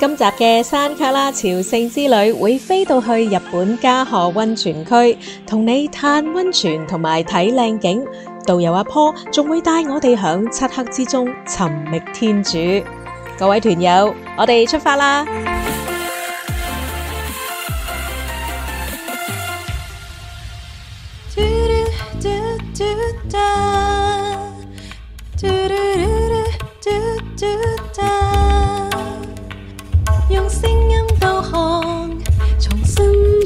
今集嘅山卡拉朝聖之旅會飛到去日本加賀溫泉區，同你嘆溫泉同埋睇靚景。導遊阿 Paul 仲會帶我哋響漆黑之中尋覓天主。各位團友，我哋出發啦！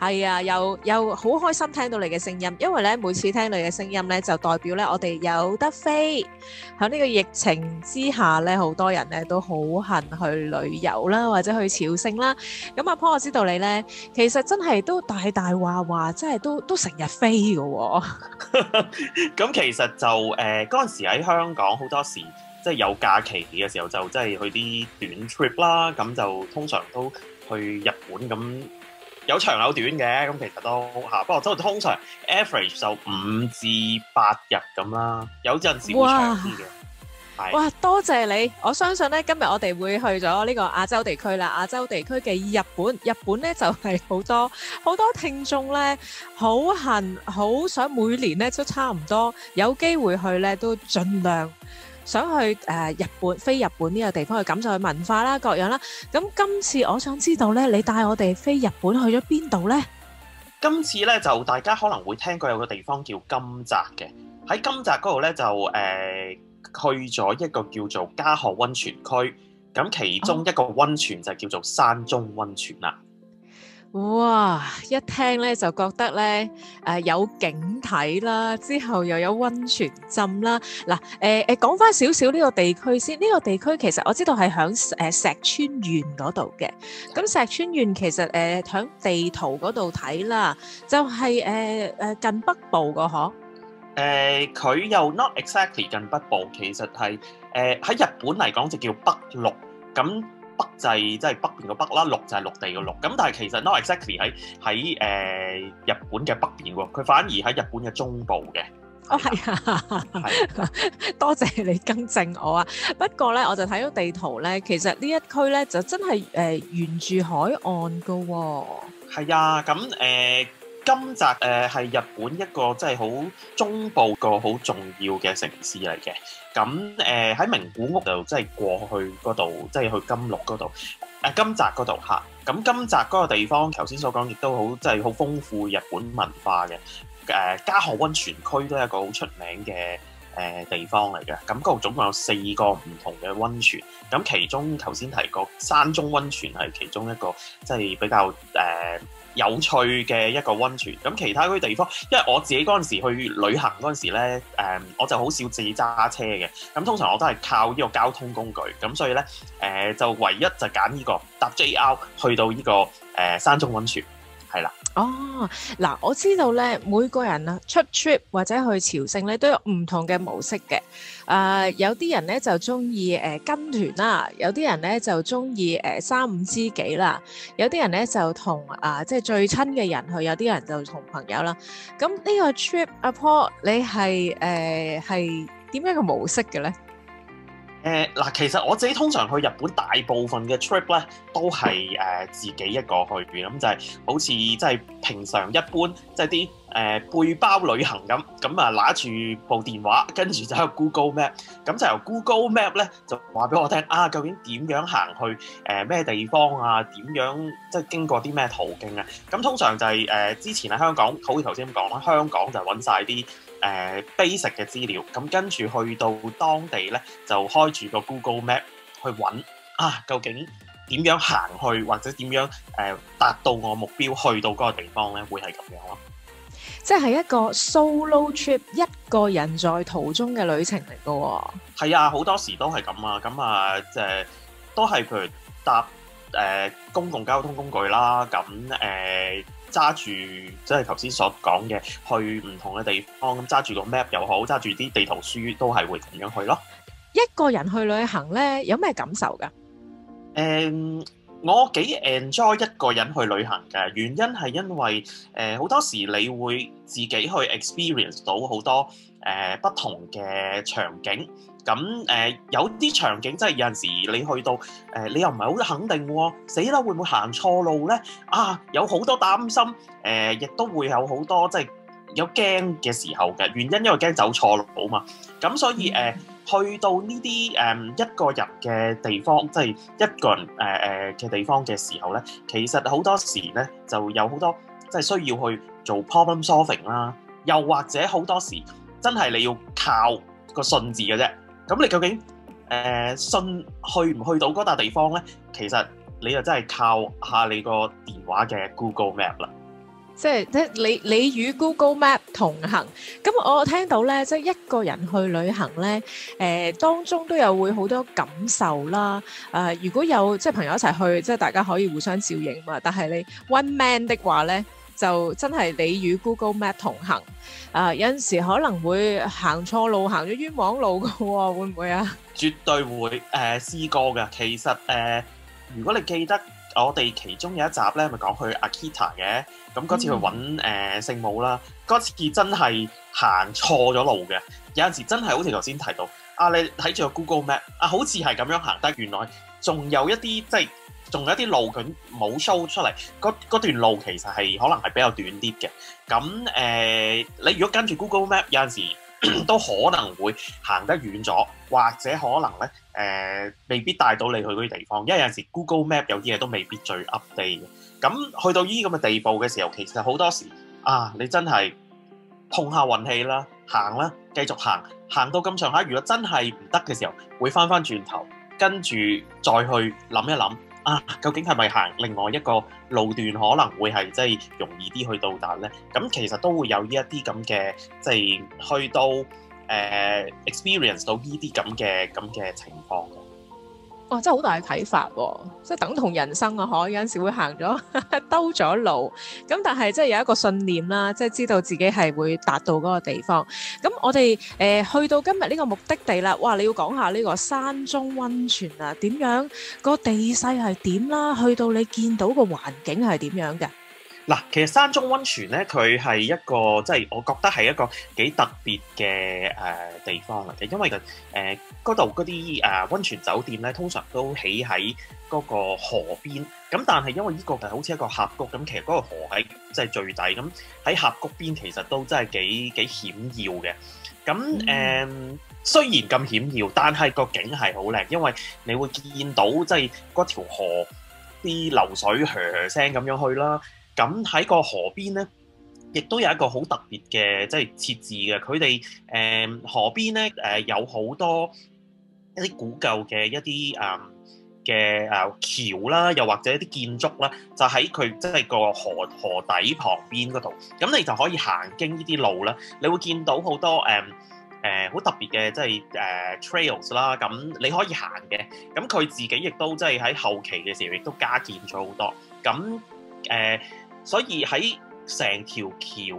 係啊、哎，又又好開心聽到你嘅聲音，因為咧每次聽你嘅聲音咧，就代表咧我哋有得飛。喺呢個疫情之下咧，好多人咧都好恨去旅遊啦，或者去朝聖啦。咁阿 Paul 我知道你咧，其實真係都大大話話，真係都都成日飛嘅喎、喔。咁 其實就誒嗰陣時喺香港好多時即係有假期嘅時候，就即係去啲短 trip 啦，咁就通常都去日本咁。有長有短嘅，咁其實都嚇，不過都通常 average 就五至八日咁啦，有陣時會長啲嘅。係哇！多謝你，我相信呢，今日我哋會去咗呢個亞洲地區啦。亞洲地區嘅日本，日本呢就係好多好多聽眾呢，好恨好想每年呢都差唔多有機會去呢，都盡量。想去誒、呃、日本，飛日本呢個地方去感受佢文化啦，各樣啦。咁今次我想知道呢，你帶我哋飛日本去咗邊度呢？今次呢，就大家可能會聽過有個地方叫金澤嘅，喺金澤嗰度呢，就誒、呃、去咗一個叫做加賀溫泉區，咁其中一個溫泉就叫做山中溫泉啦。哦。哇！一聽咧就覺得咧，誒有景睇啦，之後又有温泉浸啦。嗱，誒誒講返少少呢個地區先。呢個地區其實我知道係響誒石川縣嗰度嘅。咁石川縣其實誒喺地圖嗰度睇啦，就係誒誒近北部個嗬。誒佢又 not exactly 近北部，其實係誒喺日本嚟講就叫北陸咁。北就係即係北邊個北啦，陸就係陸地個陸。咁但係其實 Not exactly 喺喺誒日本嘅北邊喎，佢反而喺日本嘅中部嘅。哦，係啊，係。多謝你更正我啊。不過咧，我就睇到地圖咧，其實呢一區咧就真係誒沿住海岸噶。係啊，咁誒金澤誒係日本一個即係好中部個好重要嘅城市嚟嘅。咁誒喺名古屋度，即係過去嗰度，即係去金鹿嗰度，誒金澤嗰度嚇。咁金澤嗰個地方，頭先所講亦都好，即係好豐富日本文化嘅。誒加賀温泉區都係一個好出名嘅誒地方嚟嘅。咁嗰度總共有四個唔同嘅温泉。咁其中頭先提過山中温泉係其中一個，即係比較誒，呃有趣嘅一個温泉，咁其他嗰啲地方，因為我自己嗰陣時去旅行嗰陣時咧、嗯，我就好少自己揸車嘅，咁通常我都係靠呢個交通工具，咁所以咧、呃，就唯一就揀呢個搭 JR 去到呢個、呃、山中温泉。哦，嗱，我知道咧，每個人啊出 trip 或者去朝聖咧都有唔同嘅模式嘅。啊、呃，有啲人咧就中意誒跟團啦，有啲人咧就中意誒三五知己啦，有啲人咧就同啊、呃、即係最親嘅人去，有啲人就同朋友啦。咁呢個 trip 阿 Paul 你係誒係點樣嘅模式嘅咧？誒嗱，其實我自己通常去日本大部分嘅 trip 咧，都係誒自己一個去，咁就係、是、好似即係平常一般，即係啲。誒、呃、背包旅行咁，咁啊揦住部電話，跟住就喺 Google Map，咁就由 Google Map 咧就話俾我聽啊，究竟點樣行去咩、呃、地方啊？點樣即係經過啲咩途徑啊？咁通常就係、是呃、之前喺香港，好似頭先咁講啦，香港就揾晒啲誒、呃、basic 嘅資料，咁跟住去到當地咧就開住個 Google Map 去揾啊，究竟點樣行去或者點樣誒、呃、達到我目標去到嗰個地方咧，會係咁樣咯。即係一個 solo trip，一個人在途中嘅旅程嚟噶、哦。係啊，好多時都係咁啊。咁啊，即、呃、係都係譬如搭誒、呃、公共交通工具啦。咁誒揸住即係頭先所講嘅去唔同嘅地方。咁揸住個 map 又好，揸住啲地圖書都係會咁樣去咯。一個人去旅行呢，有咩感受噶？誒、嗯。我幾 enjoy 一個人去旅行嘅原因係因為誒好多時你會自己去 experience 到好多誒不同嘅場景，咁誒有啲場景即係有陣時你去到誒你又唔係好肯定喎，死啦會唔會行錯路咧？啊，有好多擔心，誒亦都會有好多即係有驚嘅時候嘅原因，因為驚走錯路啊嘛，咁所以誒。去到呢啲誒一個人嘅地方，即係一個人誒誒嘅地方嘅時候咧，其實好多時咧就有好多即係需要去做 problem solving 啦，又或者好多時真係你要靠個信字嘅啫。咁你究竟誒信去唔去到嗰笪地方咧？其實你就真係靠下你個電話嘅 Google Map 啦。即係即係你你與 Google Map 同行，咁我聽到咧，即係一個人去旅行咧，誒當中都有會好多感受啦。誒如果有即係朋友一齊去，即係大家可以互相照應嘛。但係你 one man 的話咧，就真係你與 Google Map 同行，誒有陣時可能會行錯路，行咗冤枉路㗎喎，會唔會啊？絕對會誒試過嘅。其實誒，如果你記得。我哋其中有一集咧，咪講去阿 Kita 嘅？咁嗰次去揾誒聖母啦，嗰次真係行錯咗路嘅。有陣時真係好似頭先提到啊，你睇住個 Google Map 啊，好似係咁樣行得。原來仲有一啲即係仲有一啲路佢冇 show 出嚟。嗰段路其實係可能係比較短啲嘅。咁誒、呃，你如果跟住 Google Map 有陣時。都可能會行得遠咗，或者可能咧，誒，未必帶到你去嗰啲地方，因為有陣時 Google Map 有啲嘢都未必最 update 嘅。咁去到呢啲咁嘅地步嘅時候，其實好多時啊，你真係碰下運氣啦，行啦，繼續行，行到咁上下，如果真係唔得嘅時候，會翻翻轉頭，跟住再去諗一諗。啊，究竟係咪行另外一個路段可能會係即係容易啲去到達咧？咁其實都會有呢一啲咁嘅，即係去到誒、呃、experience 到呢啲咁嘅咁嘅情況嘅。哇！真係好大嘅睇法喎，即係等同人生啊，可有陣時會行咗 兜咗路，咁但係即係有一個信念啦，即係知道自己係會達到嗰個地方。咁我哋誒、呃、去到今日呢個目的地啦，哇！你要講下呢個山中溫泉啊，點樣，個地勢係點啦？去到你見到個環境係點樣嘅？嗱，其實山中溫泉咧，佢係一個即係、就是、我覺得係一個幾特別嘅誒、呃、地方嚟嘅，因為誒嗰度嗰啲誒溫泉酒店咧，通常都起喺嗰個河邊。咁但係因為呢個係好似一個峽谷，咁其實嗰個河喺即係最底，咁喺峽谷邊其實都真係幾幾險要嘅。咁誒、嗯、雖然咁險要，但係個景係好靚，因為你會見到即係嗰條河啲流水嘰嘰聲咁樣去啦。咁喺個河邊咧，亦都有一個好特別嘅即係設置嘅。佢哋誒河邊咧誒、呃、有好多一啲古舊嘅一啲誒嘅誒橋啦，又或者一啲建築啦，就喺佢即係個河河底旁邊嗰度。咁你就可以行經呢啲路啦。你會見到好多誒誒好特別嘅即係誒、啊、trails 啦。咁你可以行嘅。咁佢自己亦都即係喺後期嘅時候，亦都加建咗好多。咁誒。呃所以喺成條橋，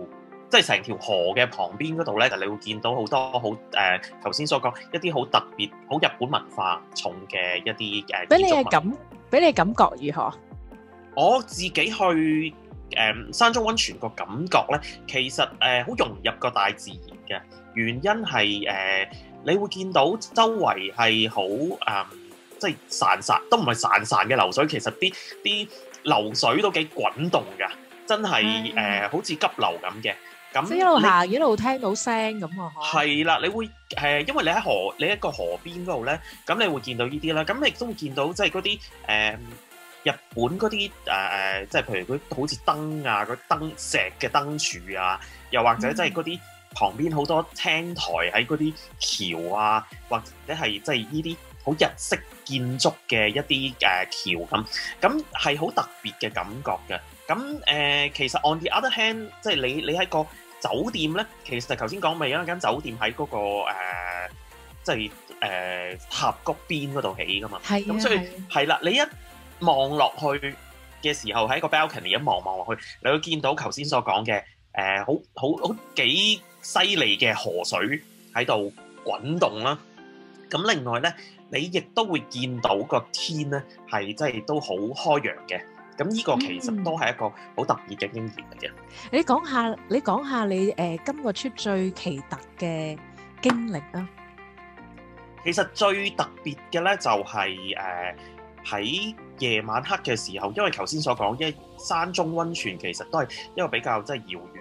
即係成條河嘅旁邊嗰度咧，就你會見到好多好誒，頭、呃、先所講一啲好特別、好日本文化重嘅一啲嘅，俾你嘅感，俾你感覺如何？我自己去誒、呃、山中溫泉個感覺咧，其實誒好、呃、融入個大自然嘅原因係誒、呃，你會見到周圍係好誒，即係潺潺都唔係潺潺嘅流水，其實啲啲。流水都幾滾動噶，真係誒、嗯呃，好似急流咁嘅。咁一路行，你一路聽到聲咁喎。係啦，你會係、呃、因為你喺河，你喺個河邊嗰度咧，咁你會見到呢啲啦。咁你亦都會見到即係嗰啲誒日本嗰啲誒誒，即、呃、係、即係、譬如嗰啲好似燈啊，個燈石嘅燈柱啊，又或者即係嗰啲旁邊好多青苔喺嗰啲橋啊，嗯、或者係即係呢啲。好日式建築嘅一啲誒、啊、橋咁，咁係好特別嘅感覺嘅。咁、嗯、誒、呃，其實 on the other hand，即係你你喺個酒店咧，其實頭先講咪有一間酒店喺嗰、那個、呃、即係誒峽谷邊嗰度起噶嘛。係咁的、嗯，所以係啦的，你一望落去嘅時候，喺個 balcony 一望望落去，你會見到頭先所講嘅誒，好好幾犀利嘅河水喺度滾動啦、啊。咁、嗯、另外咧～你亦都會見到個天咧，係真係都好開揚嘅。咁呢個其實都係一個好特別嘅經驗嚟嘅。你講下，你講下你誒今、呃這個出最奇特嘅經歷啊！其實最特別嘅咧，就係誒喺夜晚黑嘅時候，因為頭先所講，因為山中溫泉其實都係一個比較即係遙遠。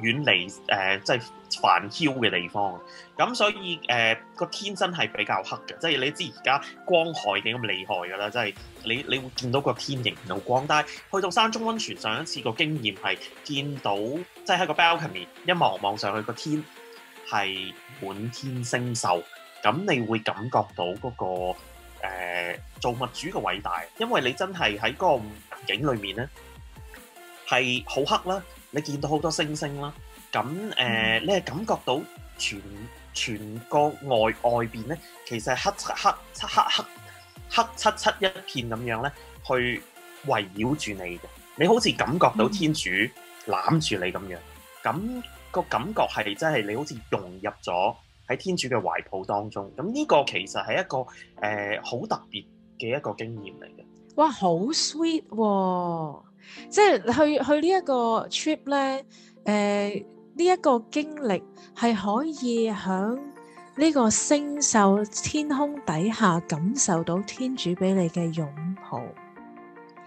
遠離誒，即係繁囂嘅地方，咁所以誒個、呃、天真係比較黑嘅，即、就、係、是、你知而家光害幾咁厲害㗎啦，即、就、係、是、你你會見到個天仍然有光大，但係去到山中溫泉上一次個經驗係見到，即係喺個 balcony 一望一望上去、個天係滿天星宿，咁你會感覺到嗰、那個誒、呃、造物主嘅偉大，因為你真係喺嗰個景裏面咧係好黑啦。你見到好多星星啦，咁誒、呃，你係感覺到全全個外外邊咧，其實係黑黑漆黑黑黑黑黑黑漆漆一片咁樣咧，去圍繞住你嘅，你好似感覺到天主攬住你咁樣，咁、嗯那個感覺係真係你好似融入咗喺天主嘅懷抱當中，咁呢個其實係一個誒好、呃、特別嘅一個經驗嚟嘅。哇，好 sweet 喎，哦！即係去去呢一個 trip 咧，誒呢一個經歷係可以喺呢個星宿天空底下感受到天主俾你嘅擁抱。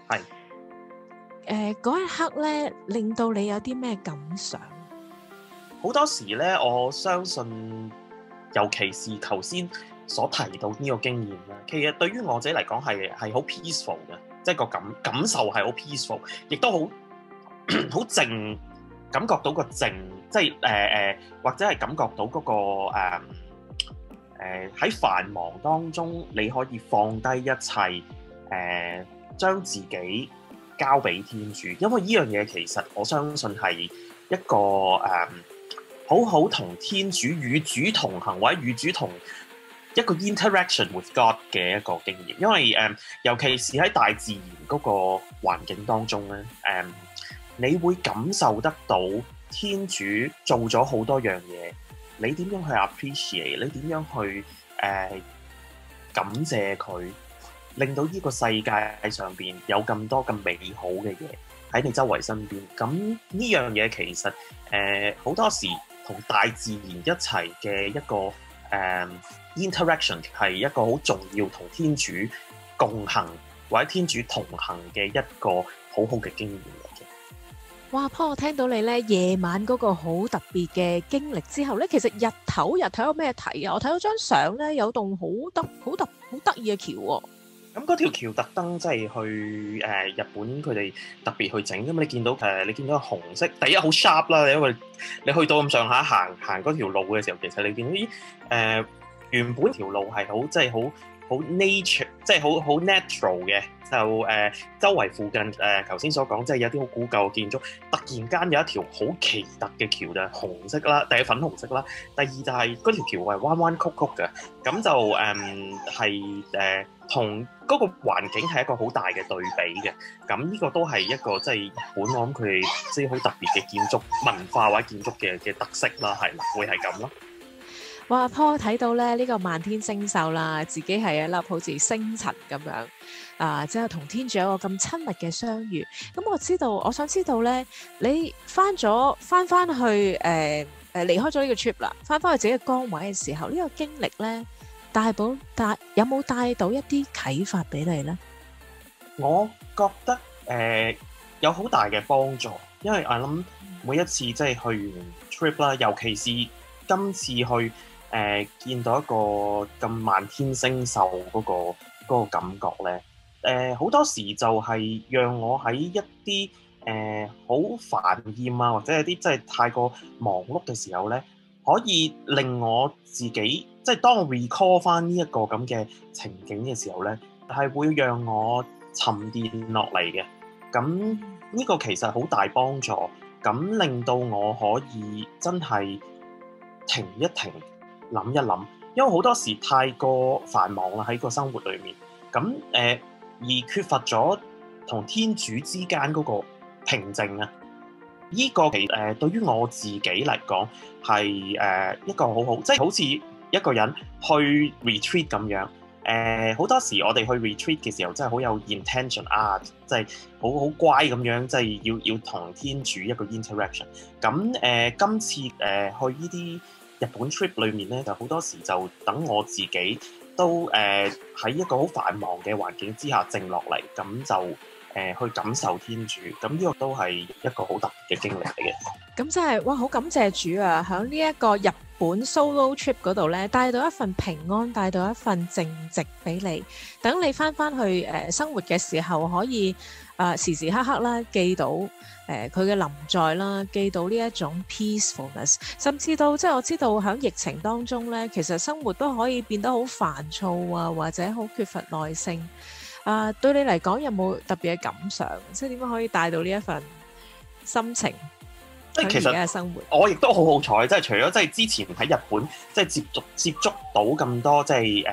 係是，誒嗰、呃、一刻咧，令到你有啲咩感想？好多時咧，我相信，尤其是頭先所提到呢個經驗咧，其實對於我自己嚟講係係好 peaceful 嘅。即係個感感受係好 peaceful，亦都好好靜，感覺到個靜，即係誒誒，或者係感覺到嗰、嗰個誒喺、呃呃、繁忙當中，你可以放低一切，誒、呃、將自己交俾天主，因為呢樣嘢其實我相信係一個誒、呃、好好同天主與主同行，或者與主同，一個 interaction with God 嘅一個經驗，因為、呃、尤其是喺大自然嗰個環境當中咧、呃，你會感受得到天主做咗好多樣嘢。你點樣去 appreciate？你點樣去、呃、感謝佢，令到呢個世界上邊有咁多咁美好嘅嘢喺你周圍身邊。咁、嗯、呢樣嘢其實呃好、呃、多時同大自然一齊嘅一個、呃 Interaction 係一個好重要同天主共行或者天主同行嘅一個好好嘅經驗嚟嘅。哇，Paul，我聽到你咧夜晚嗰個好特別嘅經歷之後咧，其實日頭日頭有咩睇啊？我睇到張相咧，有棟好得好得好得意嘅橋喎、哦。咁嗰條橋特登即係去誒、呃、日本佢哋特別去整噶嘛？你見到誒、呃？你見到紅色第一好 sharp 啦。你因為你去到咁上下行行嗰條路嘅時候，其實你見到咦誒？呃原本條路係好即係好好 nature，即係好好 natural 嘅，就誒、是呃、周圍附近誒頭先所講，即、就、係、是、有啲好古舊嘅建築。突然間有一條好奇特嘅橋咋，紅色啦，第一粉紅色啦。第二就係嗰條橋係彎彎曲曲嘅，咁就誒係誒同嗰個環境係一個好大嘅對比嘅。咁呢個都係一個即係、就是、日本我諗佢即係好特別嘅建築文化或者建築嘅嘅特色啦，係啦，會係咁咯。哇！Paul 睇到咧呢、這個漫天星宿啦，自己係一粒好似星辰咁樣啊，之後同天主有個咁親密嘅相遇。咁我知道，我想知道咧，你翻咗翻翻去誒誒、呃、離開咗呢個 trip 啦，翻翻去自己嘅崗位嘅時候，呢、這個經歷咧帶補帶有冇帶到一啲啟發俾你咧？我覺得誒、呃、有好大嘅幫助，因為我諗每一次即係去完 trip 啦，尤其是今次去。誒、呃、見到一個咁漫天星宿嗰、那個那個感覺咧，誒、呃、好多時就係讓我喺一啲誒好煩厭啊，或者係啲真係太過忙碌嘅時候咧，可以令我自己即係當我 recall 翻呢一個咁嘅情景嘅時候咧，係會讓我沉澱落嚟嘅。咁呢個其實好大幫助，咁令到我可以真係停一停。諗一諗，因為好多時太過繁忙啦，喺個生活裏面，咁誒、呃、而缺乏咗同天主之間嗰個平靜啊！依、這個其誒、呃、對於我自己嚟講係誒一個好好，即、就、係、是、好似一個人去 retreat 咁樣誒。好、呃、多時我哋去 retreat 嘅時候真係好有 intention 啊，即係好好乖咁樣，即、就、係、是、要要同天主一個 interaction。咁、呃、誒今次誒、呃、去呢啲。日本 trip 裏面咧，就好多時就等我自己都誒喺、呃、一個好繁忙嘅環境之下靜落嚟，咁就誒、呃、去感受天主，咁呢個都係一個好特別嘅經歷嚟嘅。咁真係哇，好感謝主啊！響呢一個日本 solo trip 嗰度咧，帶到一份平安，帶到一份靜寂俾你，等你翻翻去誒、呃、生活嘅時候可以。啊！時時刻刻啦，記到誒佢嘅臨在啦，記到呢一種 peacefulness，甚至到即係我知道喺疫情當中咧，其實生活都可以變得好煩躁啊，或者好缺乏耐性啊。對你嚟講有冇特別嘅感想？即係點樣可以帶到呢一份心情？即係其實而家嘅生活我亦都好好彩，即係除咗即係之前喺日本即係接觸接觸到咁多即係誒。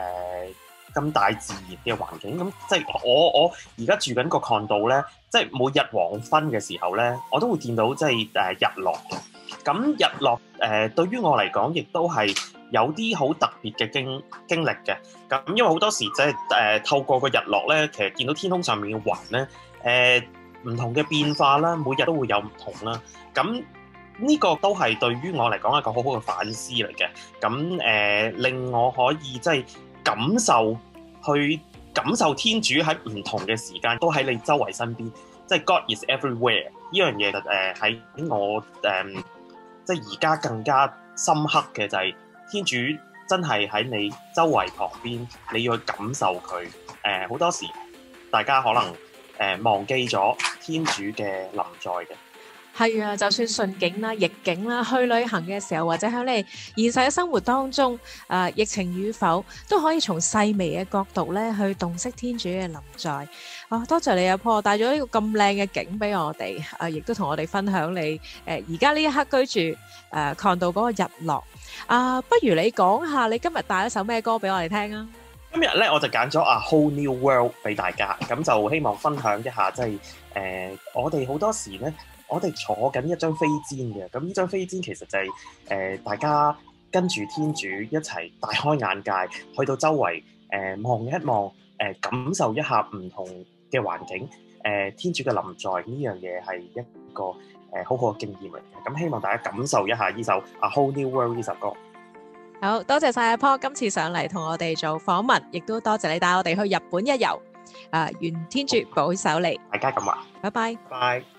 咁大自然嘅環境，咁即係我我而家住緊個康度咧，即係每日黃昏嘅時候咧，我都會見到即係誒日落嘅。咁日落誒對於我嚟講，亦都係有啲好特別嘅經經歷嘅。咁因為好多時即係誒透過個日落咧，其實見到天空上面嘅雲咧，誒唔同嘅變化啦，每日都會有唔同啦。咁呢個都係對於我嚟講一個好好嘅反思嚟嘅。咁誒令我可以即係。感受，去感受天主喺唔同嘅時間都喺你周圍身邊，即係 God is everywhere 呢樣嘢就誒喺我誒、嗯、即係而家更加深刻嘅就係天主真係喺你周圍旁邊你要去感受佢誒好多時大家可能誒、呃、忘記咗天主嘅臨在嘅。係啊，就算順景啦、逆境啦，去旅行嘅時候，或者喺你現實嘅生活當中，誒疫情與否都可以從細微嘅角度咧，去洞悉天主嘅臨在。哦，多謝你阿 Paul 帶咗呢個咁靚嘅景俾我哋，誒亦都同我哋分享你誒而家呢一刻居住誒看到嗰個日落啊。不如你講下你今日帶咗首咩歌俾我哋聽啊？今日咧我就揀咗《A Whole New World》俾大家，咁就希望分享一下，即係誒我哋好多時咧。我哋坐緊一張飛氈嘅，咁呢張飛氈其實就係、是、誒、呃、大家跟住天主一齊大開眼界，去到周圍誒、呃、望一望誒、呃、感受一下唔同嘅環境誒、呃、天主嘅臨在呢樣嘢係一個誒、呃、好好嘅經驗嚟嘅。咁、呃、希望大家感受一下呢首《A Whole New World》呢首歌。好多謝晒阿 Paul 今次上嚟同我哋做訪問，亦都多謝你帶我哋去日本一遊。誒、呃，願天主保守你。大家咁話，拜拜。拜。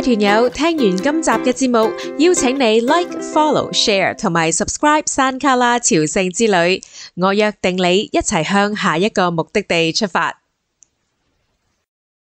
團友聽完今集嘅節目，邀請你 Like、Follow、Share 同埋 Subscribe。山卡拉朝聖之旅，我約定你一齊向下一個目的地出發。